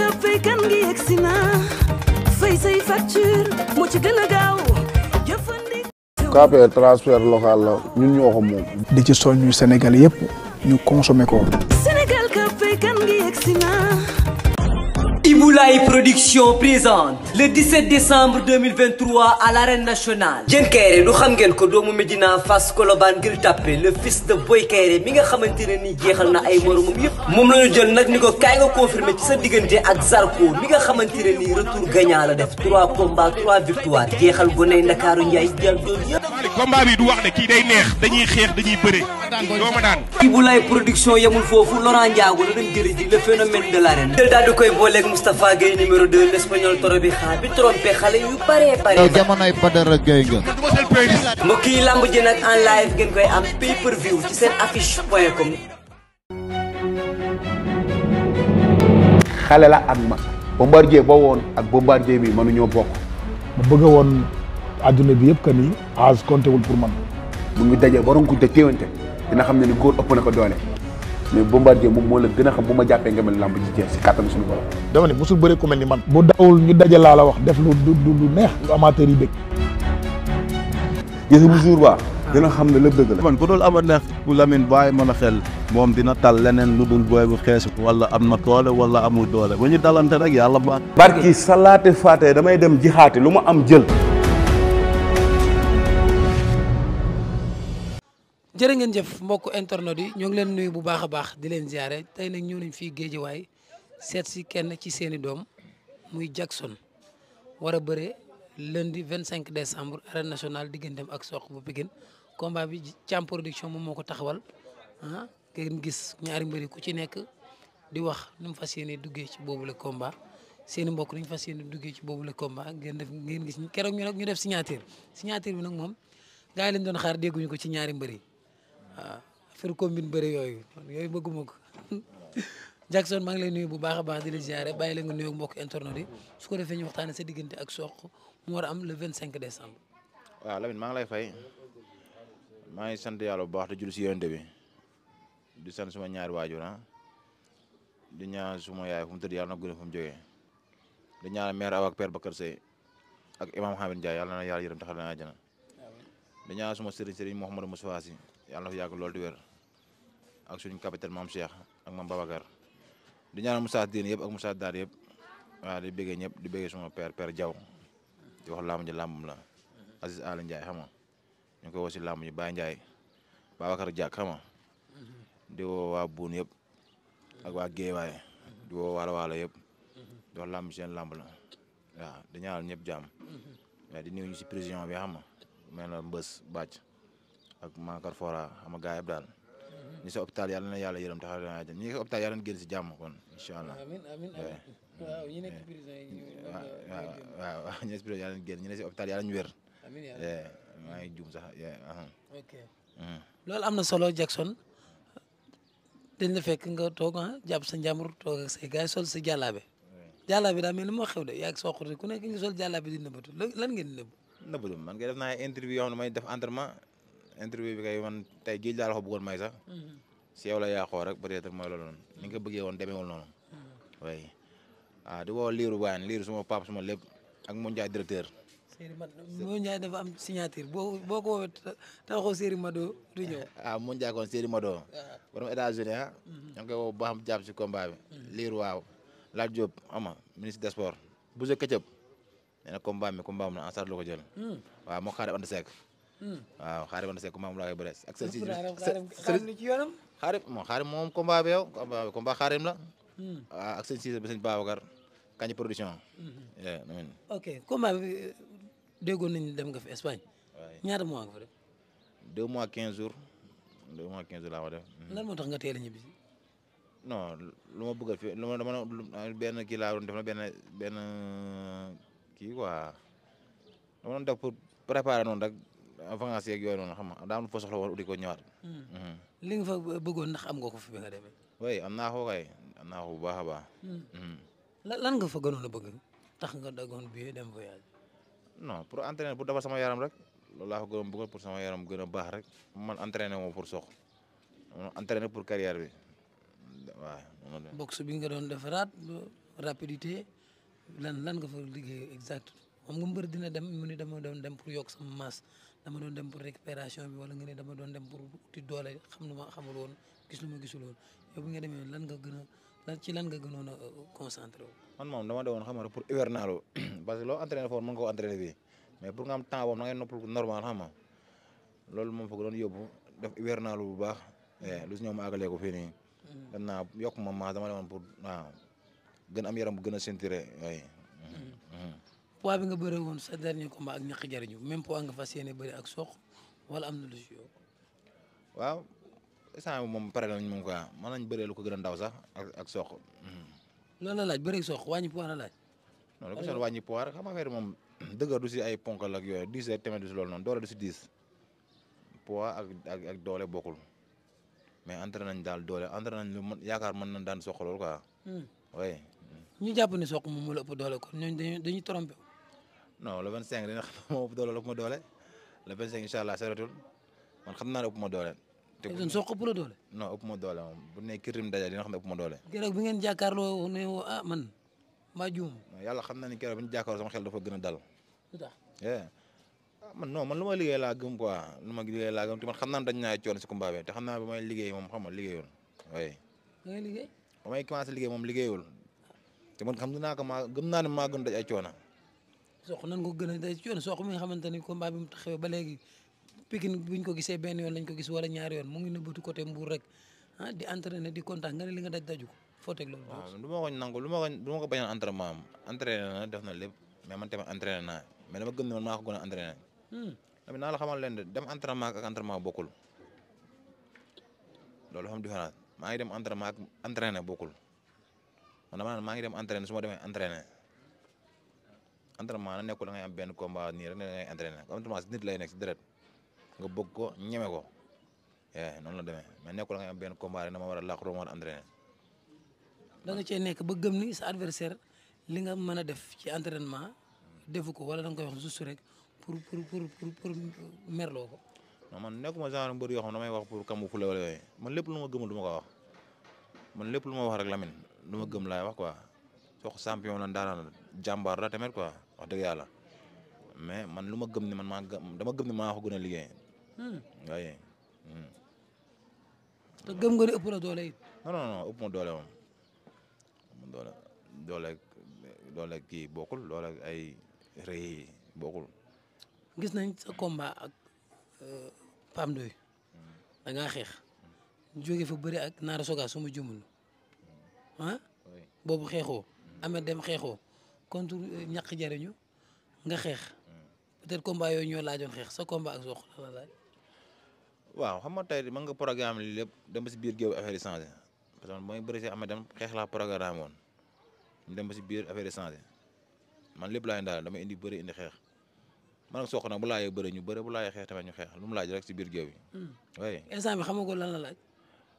kër faykan gi local la ñun ñoo moom di ci soñ ñu Sénégal yëpp ñu consomé ko Sénégal kër faykan gi yegsi na Iboulaye Production présente le 17 décembre 2023 à l'arène nationale Diène Kairé du xam ngeen ko doomu Médina Fass Colobane Gueule Tapée le fils de Boy Kairé mi nga xamante ne jeexal na ay moromam yëpp moom la ñu jël nag ni ko kaay nga confirmé ci sa diggante ak Zarko mi nga xamante ne nii retour gagnant la def 3 combats 3 victoires jeexal goney Ndakaaru Ndiaye jël doon bu lay production yemul foofu Laurent Ndiago la dem jëri ji le phénomène de l'arène jël daal koy booleeg Moustapha bi trompé xale yu bare bare jamonoy Badara Gueye nga mbokk yi lamb en live ngeen koy am pay per view ci seen affiche point com xale la ak mag bombardier ba woon ak bombardier bi mënuñoo bokk ma bëgg woon adduna bi yëpp que ni âge compté wul pour man mu ngi dajee baronkuñ te téewante dina xam ne ni góor ëpp na ko doole mais Bombardier moom moo la gën a xam bu ma jàppee nga mel lamb ji jeex si kàttan suñu borom. dama ne mosul bëre ku mel ni man. bu dawul ñu daje laa la wax def lu du lu neex lu amateur yi bëgg. gis bu jour ba dina xam ne lépp dëgg la. man bu dul ama neex bu Lamine bàyyi mën a xel moom dina tal leneen lu dul booy bu xees wala am na doole wala amul doole bu ñu dalante rek yàlla baax. barki salaate faate damay dem jixaate lu ma am jël. jërë ngeen jëf mbokk internet yi ñoo ngi leen nuyu bu baax a baax di leen ziare tey nag ñëw nañ fii waay seet si kenn ci seeni doom muy Jackson war a bëre lundi 25 décembre arène nationale digganteem ak Sokh bu Pikine combat bi Thiam production moom moo ko taxawal ah ngeen gis ñaari mbëri ku ci nekk di wax nu mu fas yéene duggee ci boobu le combat seeni mbokk nu ñu fas yéene duggee ci boobu le combat ngeen def ngeen gis keroog ñu ñu def signature signature bi nag moom gars yi lañ doon xaar dégguñu ko ci ñaari mbëri a affaire combine bëri yooyu yooyu bëgguma ko Jackson maa ngi lay nuyu bu baax a baax di la ziare bàyyi la nga nuyoog mbokk internet yi su ko defee ñu waxtaanee sa diggante ak Sokh mu war a am le 25 décembre. waaw Lamine maa ngi lay fay maa ngi sant yàlla bu baax di jull si yonent bi di sant suma ñaari waajur ah di ñaan suma yaay fu mu tëdd yàlla na gën a fu mu jógee di ñaan mère Awa ak père Bakar ak imam Hamid Ndiaye yàlla na yàlla yërëm taxal na àjjana di ñaan suma sëriñ sëriñ Mouhamadou Moustapha yàlla na fi yàgg loolu di wér ak suñu capitaine maam Cheikh ak maam Babacar di ñaanal Moussa Diène yëpp ak Moussa Dar yëpp waaw di bëggee ñëpp di bëggee suma père père Diaw di wax laamu ji la Aziz Aly Ndiaye xam nga ñu ngi koy woo si laamu ji Baye Ndiaye Babacar Diak xam nga di woo waa Buun yëpp ak waa Géewaay di woo waalo waalo yëpp di wax laamu seen lamb la waaw di ñaanal ñëpp jàmm mm-hmm. waaw di nuyu ñu si président bi xam mbës bàcc ak Makar Fora ama gaay daal ñi mhm. sa hôpital yàlla na yàlla yërëm taxaw na ñi ngi sa hôpital yàlla na génn si jàmm kon incha allah amiin amiin waaw ñi nekk prison yi ñu nekk si hôpital yàlla maa ngi juum sax uh-huh. mm. am na solo Jackson dañ la fekk nga toog ah jàpp sa njàmbur toog ak say gaay sol sa jàllaabe jàllaabe daa mel ni moo xew de yaa ngi soqute ku nekk ngi sol jàllaabe di nëbbatu lan ngeen nëbb nëbbatu man ngay def naa interview yoo may def entraînement interview bi kay man tey géej laa la ko bëggoon may sax. Mhm. si yow la yaaxoo rek peut-être loolu ni nga ko bëggee woon demeewul noonu. Mhm. Ah, di woo liiru Bayane liiru suma pap suma lépp ak Modou directeur. Serigne Mado Modou boo ko woowee taxaw Serigne Mado du ñëw. ah Modou Ndiaye kon Serigne Mado. waaw ah. borom États-Unis ah. Mhm. ñoo ngi koy woo ba xam liiru waaw Lat Diop ministre des sports. Boucher Ketchup nee na combat mi combat am la ko jël. Hmm. waaw moo xaar andi waaw xaarib anda seeg combat moom laa koy bëre ak seen si xaarib ci yoonam xaarib moom xaarib moom combat bi yow combat xaarib la waaw hmm. ah, ak seen si bi sëñ Babacar kañ production hmm. amin ok combat bi déggoon nañ dem nga fi Espagne ñaata mois nga fa def deux mois quinze jours deux mois quinze jours laa ko def hmm. lan moo tax nga teel a ñibbi non lu ma bëgg a fi lu ma dama benn kii laa doon def na benn benn kii quoi dama doon def pour préparer noonu rek avance yeeg yooyu noonu xam nga daa am foo soxla woon uti ko ñëwaat. Hmm. li nga fa bëggoon ndax am nga ko fi bi nga demee. oui am naa ko kay am naa ko bu baax a baax. Hmm. Hmm. lan nga fa a bëgg laa ko gën a bëggoon pour sama yaram gën a baax rek man entraîner moom pour sox man entraîner pour carrière bi waaw. boxe bi nga doon defaraat rapidité lan lan nga fa liggéey exact. xam nga mbër dina dem mu ne dama doon dem pour yokk sama masse dama doon dem pour récupération bi wala nga ne dama doon dem pour uti doole xam lu ma xamul woon gis ma gisul woon yow nga demee lan nga gën a lan ci gënoon a euh, concentré wu. man dama doon xam nga pour hivernal parce que loo entraîné fort mën nga koo entraîné bi mais pour nga am temps boobu na ngay noppal normal xam nga loolu moom foog doon yóbbu def na hivernal bu baax eh, lu si ñëw ma àggaleeku fii nii. dem mm. naa yokk ma masse dama demoon pour waaw gën am yaram bu gën a sentir waaye. Mm. poids bi nga bëre woon sa dernier combat ak ñaq jariñu même poids nga fas yéene bëri ak soq wala am na lu si yokk. waaw instant moom pare nañ moom quoi mën nañ bëree lu ko gën a ndaw sax ak ak soq. Hmm. loolu la laaj bëri soq wàññi poids la laaj. non da nga wàññi poids rek xam nga affaire moom dëgër du si ay ponkal ak yooyu dix heures tamit du si loolu noonu doole du si dix poids ak ak ak doole bokkul mais entraîné nañ daal doole entraîné nañ lu mën yaakaar mën nañ daan soq loolu quoi. Hmm. oui. ñu jàpp ne soq moom moo la ëpp doole kon ñooñu dañuy dañuy trompé non le 25 dina xam moo ëpp doole ëpp ma doole le 25 allah saratul man xam naa ne ma doole. te bu ñu soq ëpp la doole. non ma doole moom bu nekk kirim daja dina xam ne ëpp ma doole. keroog bi ngeen jàkkaarloo ne woo ah man maa juum. yàlla xam na ni keroog bi ñu jàkkaarloo sama xel dafa gën a dal. Eh. Ah, man non man lu ma liggéey laa gëm quoi lu ma liggéey laa gëm te man xam naa dañ naa coon si te xam naa ba may liggéey moom xam nga liggéeyul oui. da ngay moom liggéeyul te man xam naa ko maa gëm naa ne maa gën daj ay coona soq nan ko gën a day yoon soq mi nga xamante ni combat bi mu taxawee ba léegi Pikine buñ ko gisee benn yoon lañ ko gis wala ñaari yoon mu ngi nëbbatu côté Mbour rek ah di entraîné di kontaan nga li nga daj daju ko foo teg loolu. waaw lu ma ko nangu lu ma ko lu ma ko na def na lépp mais man tamit entraîné na mais dama gëm ne man maa ko gën a entraîné. Hmm. tamit naa la xamal leen de dem entraînement ak entraînement bokkul loolu xam différence maa ngi dem entraînement ak entraîné bokkul man dama naan maa ngi dem entraîné su ma demee entraîné. entraînement na nekkul da ngay am benn combat nii rek ne da ngay entraîné entraînement si nit lay nekk si deret nga bëgg ko ñeme ko eh noonu la demee mais nekkul da ngay am benn combat rek dama war a làqu dama war a entraîné. da nga cee nekk ba gëm ni sa adversaire li nga mën a def ci entraînement. defu ko wala da nga koy wax juste rek pour pour pour pour merloo ko. non man nekkuma genre mbër yoo xam ne damay wax pour kamu fula wala yooyu man lépp lu ma gëmul du ma ko wax man lépp lu ma wax rek Lamine lu ma gëm laay wax quoi sox champion la ndaanaan jàmbaar la tamit quoi. wax dëgg yàlla mais man lu ma gëm ne man maa gëm dama gëm ne maa ko gën a liggéey. waaye. Hmm. Hmm. te gëm nga ni ëpp na doole it. non non ëpp ma doole doole doole doole bokkul doole ay rëy bokkul. gis nañ sa combat ak euh, Pam Doy hmm. da xeex. jóge fa bëri ak Naar Soga su ma jumul ah. boobu xeexoo. Ameth dem xeexoo. contre euh, ñàkk jariñu nga xeex. Mm. peut-être combat yooyu ñoo laajoon xeex sa combat ak Sokh la laaj. waaw xam nga tey man nga programme li lépp dem ba si biir géew affaire yi changé am dem xeex laa programme woon ba si biir affaire yi changé man lépp laay daal dama indi bëri indi xeex man ak Sokh nag bu laajee bëri ñu bëri bu laajee xeex tamit ñu xeex lu mu laaj rek si biir géew yi. Mm. oui instant bi la laaj.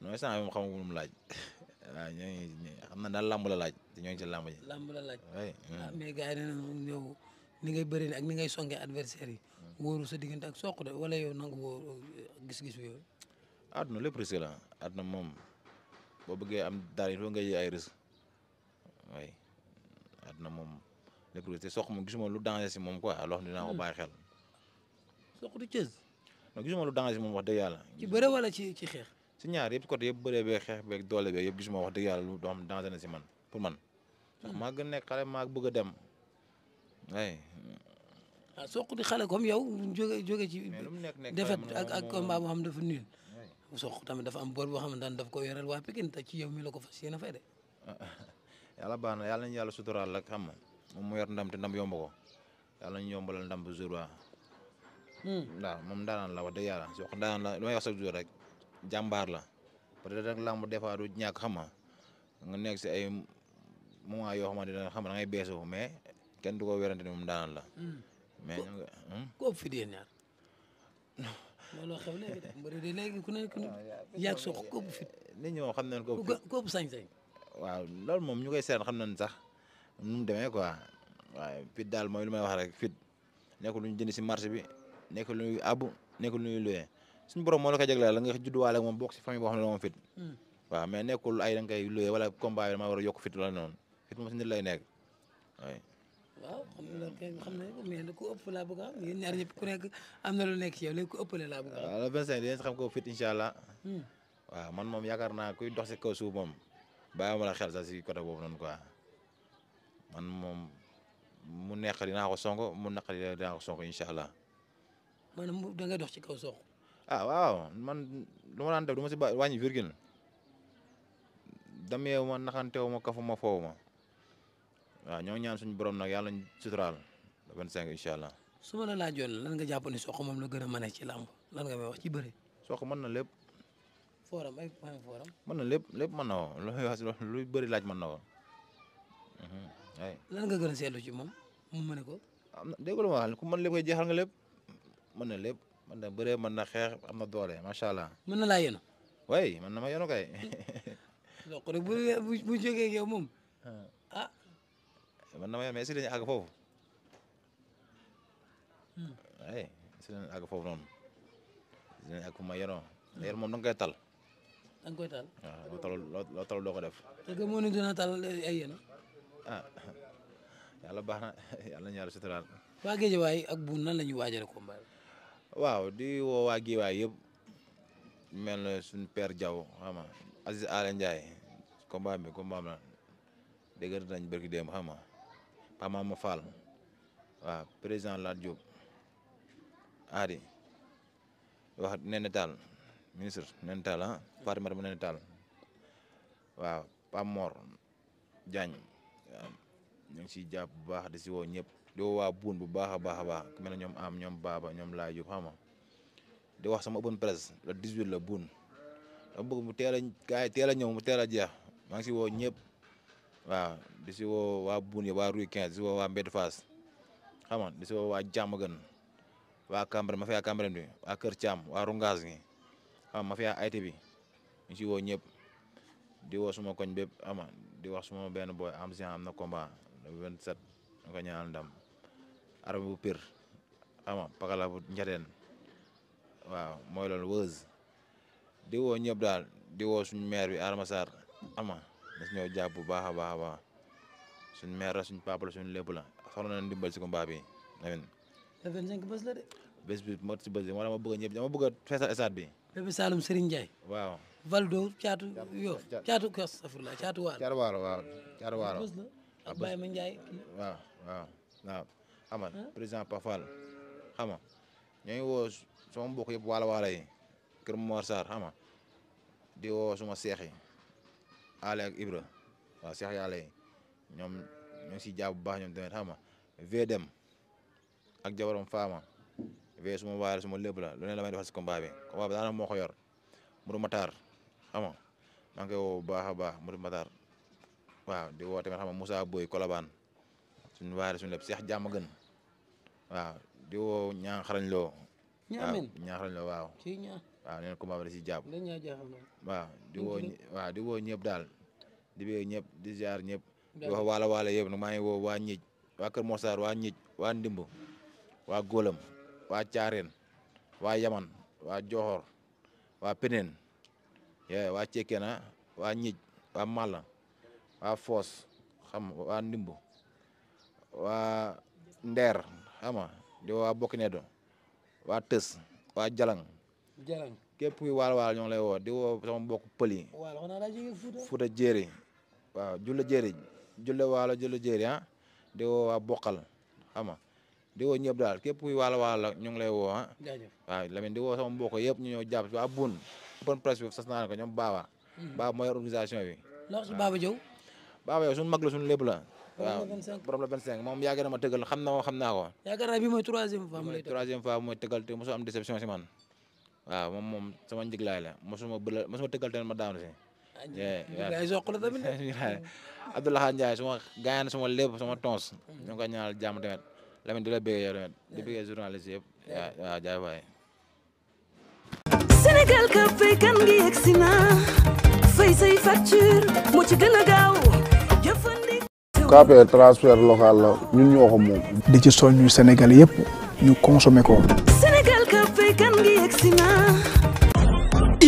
non instant bi moom xamagul laaj. waaw ñooñu xam na daal làmb la laaj te ñooñu ci làmb ji. làmb la laaj. ah mais gars yi nee ni ngay bëree ak ni ngay songe adversaire yi. sa diggante ak soq de wala yow nangu euh, gis-gis yooyu. àdduna lépp risque la moom boo bëggee am dara il faut nga yëg ay risque waaye àdduna moom lépp risque te soq moom lu danger si moom quoi loo xam ko hmm. bàyyi xel. soq du cës. non gisuma lu danger si moom wax dëgg yàlla. ci bëre wala ci ci xeex. si ñaar yëpp côté yëpp bëree beeg xeex beeg doole beeg yëpp gisuma wax dëgg yàlla lu doon na si man pour man. Hmm. ndax maa gën nekk xale maa bëgg a dem ay. waaw ah, soq di xale kom yow jóge jóge ci. lu mu nekk nekk defet ak ak combat boo xam dafa nul. soq tamit dafa am bor boo xamante ne daf ko yoreel waa Pikine te ci yow mi la ko fas yéene fay de. yàlla baax na yàlla nañu yàlla suturaal rek xam nga moom mu yor ndam te ndam ko yàlla nañu yombalal ndam bu jour waaw. Hmm. waaw moom daanaan la wax dëgg yàlla soq daanaan la li may wax rek. jàmbaar la peut être rek làmb des fois du ñàkk xam nga nekk si ay moment yoo xamante ne xam nga da ngay kenn du ko werante ne moom la. Hmm. mais ñu hmm? ko ku ne ku ne ko ëpp fit. nit ñi moom xam loolu moom ñu koy seet xam nañ sax nu mu demee quoi fit daal mooy lu may wax rek fit nekkul lu ñu jënd si marché bi nekkul lu ñuy àbb nekkul lu ñuy suñu borom moo la koy jagleel la nga judduwaale ak moom bokk si famille boo xam moom fit hmm. waaw mais nekkul ay da nga koy loué wala combat bi ma war a fit la noonu fit moom si nit lay nekk ku ëpp laa bëgg a ku nekk am na lu nekk ci yow léegi ku ëppale a am. ko fit incha hmm. man moom yaakaar naa kuy dox si kaw suuf moom bàyyi ma la xel sax si côté boobu noonu quoi moom mu neex dinaa ko song mu naqari dinaa ko song incha allah. maanaam da ngay dox ci kaw song. ah waaw man lu ma daan def du ma si ma naxanteewu ma kafu ma foowu ma waaw ñoo ñaan suñu borom nag yàlla ñu suturaal le 25 incha allah. su ma la laajoon lan nga jàpp ne moom la gën a mën ci làmb lan nga may wax ci bëri. mën na lépp. fooram ay mën na lépp lépp mën na ko lu bëri laaj mën na ko. Mhm, lan nga gën a seetlu ci mu mën ko. am na dégg nga ma wax ku mën lépp koy jeexal nga lépp mën na lépp. man de bëree mën na xeex am na doole macha allah. mën na laa yenu way man na ma yenu kay. bu bu jógee yow moom ah. ah. man na ma yenu mais si dañu àgg foofu. ay si dañu àgg foofu noonu. si dañu àgg fu ma yenoo. yéen moom koy tal. da nga koy tal waaw loo talul loo talul doo ko def. est-ce que moo ne dina tal ay yéen ah. baax na yàlla ñaar wa waa Géejawaay ak buun nan la ñuy waajalee waaw di woo waa Géewaay yëpp mel na suñu père Diaw xam nga Aziz Ala Ndiaye combat bi combat la dégg nañ barki démb xam nga Pamama waaw président Lat Diop aadi wax Néné ministre Néné Tall ah Fatimata Néné waaw Pam Mor Diagne waaw ñu ngi siy jàpp bu baax di si woo ñëpp. di woo waa buun bu baax a baax a baax ku mel ne ñoom am ñoom baaba ñoom laa yób di wax sama open presse le 18 la buun dama bëgg mu teel a a ñëw mu teel a jeex maa ngi si woo ñëpp waaw di si woo waa buun yi waa Rue 15 di si woo waa Mbedd Fass di si woo waa Diamaguène waa Cambérène ma fi waa Cambérène bi waa Kër Thiam waa Rungaas gi xam ma fi waa Ayte bi ñu si wo ñëpp di woo suma koñ bépp ama di wax suma benn booy am si am na combat le 27 nga arame bu pir ama pakala bu njateen waaw mooy loolu wëz di woo ñëpp daal di woo meer bi Adama ama na si bu baax a baax a meer suñu maire la suñu papa la suñu lépp la soxla bi amin le 25 bés la de. bés bi mot si bés bi wala ma bëgg ñëpp dama a feesal stade bi. Bébé Saloum Serigne waaw Valdo caatu Yoff caatu astafurlah caatu waalo. caatu waalo waaw caatu waalo. bés la ak Baye Ma Ndiaye. waaw waaw. xama président Pafal xama ñoo ngi woo sama mbokk yëpp waala waala yi kër Mor Sarr xama di woo suma seex yi ak Ibra waaw seex yàlla yi ñoom ñoo ngi bu baax ñoom tamit xama Vedem ak jabaram Fama Ve suma waale suma lépp la lu ne la may defal si combat bi combat bi daanaka moo ko xama maa ngi woo baax a baax Mourou Matar waaw di woo tamit xama Moussa Boy Colabane suñu waale suñu lépp seex jàmm gën waaw di woo ñaa xarañ loo. ñaamin waaw ñaa xarañ loo waaw. kii di woo waaw di woo daal di bëgg ñëpp di ziar ñëpp. di wax waala waala yëpp nag maa ngi woo waa Ñij waa Kër Moussa waa Ñij Yaman waa Joxor waa Peneen waa Cekena waa Ñij waa Malla waa Foos xam waa Ndimb waa Ndeer. xam nga di woo waa Bokkineedo waa Tës wa Jalang. Jalang képp kuy waal waal ñoo ngi lay woo di woo sama mbokku pël yi. waaw xanaa daa jógee Fouta. Fouta Jéeri waaw Julle Jéeri Julle ah. di woo waa Boqal di woo ñëpp daal képp kuy waal waal la ñu ngi lay woo ah. di woo sama mbokk yëpp ñu ñëw jàpp si waa Boune. bonne presse bi sas naa ko ñoom Baba. Hmm. Baba mooy organisation bi. Baba Diaw. Baba yow suñu mag la suñu lépp waaw borom la 25 moom yàgg ma tëggal xam na ma xam naa ko. yaakaar naa mooy troisième fois. mooy troisième fois mooy tëggal te sama njëglaay la ma daanu si. waaw soq la tamit Abdoulaye Ndiaye suma gaayaan suma lépp tons. ñu ngi koy ñaanal jàmm tamit la bëggee yow tamit di bëggee journaliste ka fay kan ngi fay say facture mu ci gën a gaaw jëfandi KPR transfert local la ñun ñoo ko moom. di ci soññu Sénégal yëpp ñu consommer ko.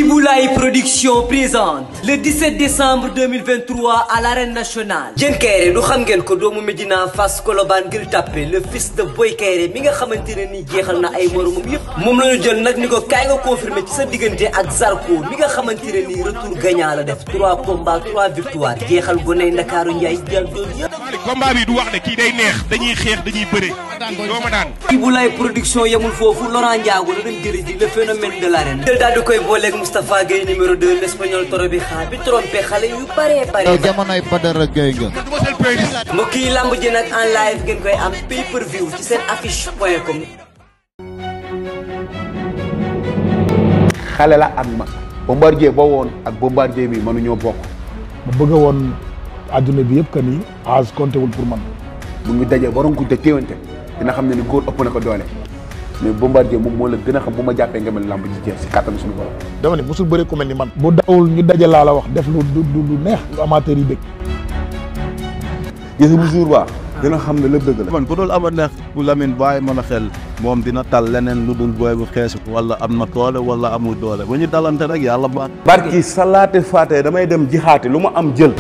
Iboulaye production présente le 17 décembre 2023 à l'arène nationale Diène Kairé du xam ngeen ko doomu Médina Fass Colobane Gueule Tapée le fils de Boy Kairé mi nga xamante ne nii jeexal na ay moromam yëpp moom la ñu jël nag ni ko kaay nga confirmé ci sa diggante ak Zarko mi nga xamante ne retour gagnant la def 3 combats 3 victoires jeexal goney Ndakaaru Ndiaye jël doon dañuy bëre doo ma daan production yemul foofu Laurent Ndiago la jël di koy booleeg Moustapha Gueye numéro 2 l'espagnol toro bi xaar bi trompé xale yu bare bare. yow jamonoy Badara Gueye nga. mbokk yi lamb ji nag en live ngeen koy am pay view ci seen affiche point com. xale la ak ma bombardier boo woon ak bombardier bi mënuñoo bokk. ma bëgg woon adduna bi yëpp que ni âge compté wul pour man. mu ngi daje waroon ko te téewante dina xam ne ni góor ëpp na ko doole. mais bombardier moom moo la gën a xam bu ma jàppee nga mel lamb ji jeex si kàttan suñu borom. dama ne mosul bëre ku mel ni man. bu dawul ñu daje laa la wax def lu lu lu neex. lu amateur yi bëgg. gis bu jour ba dina xam ne lépp dëgg la. man bu dul ama neex bu Lamine bàyyi mën a xel moom dina tal leneen lu dul booy bu xeesu wala am na toole wala amul doole bu ñu dalante rek yàlla baax. barki salaate faate damay dem jixaate lu ma am jël.